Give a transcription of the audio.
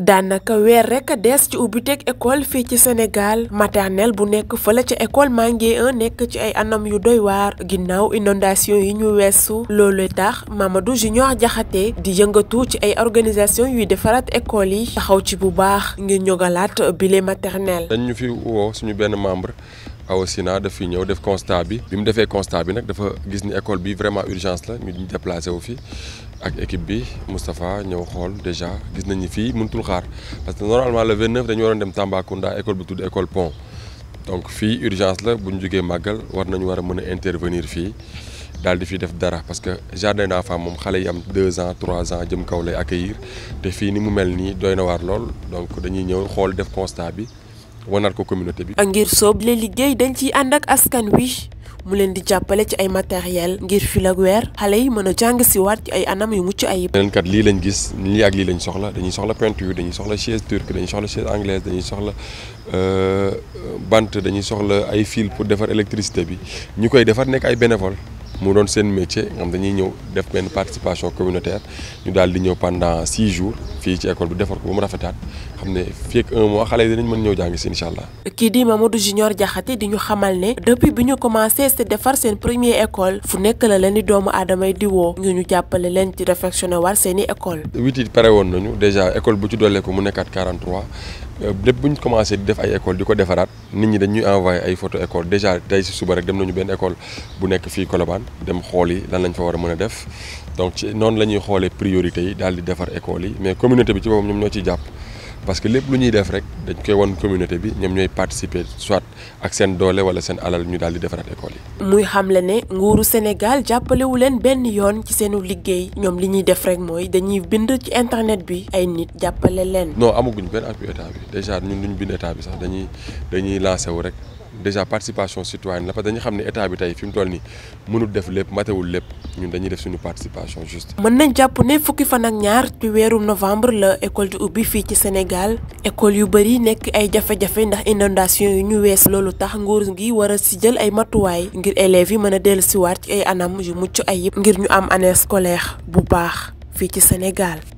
daanaka weer rek a des ci ubbiteg école fii ci Sénégal maternelle bu nekk fële ca école Manguier eh, 1 nekk ci ay anam yu doy waar ginnaaw inondation yi ñu weesu loolu tax Mamadou Junior jaxate di yëngatu ci ay organisation yuy defaraat ecole yi taxaw ci bu baax ngir ñogalaat bile maternelle. dañ ñu fi woo suñu benn membre Awa Sina daf fi ñëw def constat bi bi mu defee constat bi nag dafa gis ni école bi vraiment urgence la ñu déplacé wu fi ak équipe bi Moustapha ñeu xol déjà gis nañu fi mënutul xaar parce que normalement le 29 dañu waron dem Tambacounda école bi tudd école pont donc fi urgence la buñu joggé magal war nañ wara mëna intervenir fi daal di fi def dara parce que jardin d'enfants mom xalé yi am 2 ans 3 ans jëm kaw lay accueillir té fi ni mu mel nii doy na lool donc dañuy ñeu xol def constat bi wanaat ko communauté bi. ngir soob le liggéey dañ ci ànd ak askan wi. mu leen di jàppale ci ay matériel ngir fil ak weer xale yi mën a jàng si waat ci ay anam yu mucc ay leneen kat lii lañ gis lii ak lii lañ soxla dañuy soxla peinture dañuy soxla chaise turque dañuy soxla chaise anglaise dañuy soxla euh, bant dañuy soxla ay fil pour defar électricité bi ñu koy defar nekk ay bénévole mu doon seen métier nga dañuy ñëw def ben participation communautaire ñu dal di ñëw pendant 6 jours fi ci école bu défar ko bu mu rafetaat xamné fi ak un mois xalé yi dinañ mën ñëw jàng si incha allah. di Mamadou Junior jaxati di ñu xamal né depuis bi ñu commencé ce défar sen première école fu nekk la leen di doomu adamay di wo ñu ñu jappalé leen ci réfectionné war seen école. huit yi pare woon nañu déjà école bu ci dolé ko mu nekkaat 43. Euh, lépp bu commencez commencé di def ay école on nit ñi dañuy envoyé photo école déjà on suba dem nañu école bu nekk fii Colobane dem xool yi nous lañ fa war a la mais communauté bi ci parce que lepp lu ñuy def rek dañ koy won communauté bi ñom ñoy participer soit ak seen doole wala seen alal ñu daal di defaraat école yi. muy xamle ne nguuru Sénégal jàppalewu leen benn yoon ci seenu liggéey ñom li ñuy def rek mooy dañuy bind ci internet bi ay nit jàppale leen. non amaguñ benn appui état bi déjà ñun duñ bind état bi sax dañuy dañuy lancer wu rek déjà participation citoyenne la parce que dañu xam ne état bi tey fi mu toll nii mënul def lépp matewul lépp ñun dañuy def suñu participation juste. mën nañ jàpp ne fukki fan ak ñaar ci weeru novembre le école di ubbi fii ci Sénégal école yu bëri nekk ay jafe-jafe ndax inondation yu ñu wees loolu tax nguur gi war a si jël ay matuwaay ngir élèves yi mën a dellusiwaat ci ay anam yu mucc ayib ngir ñu am année scolaire bu baax fii ci Sénégal.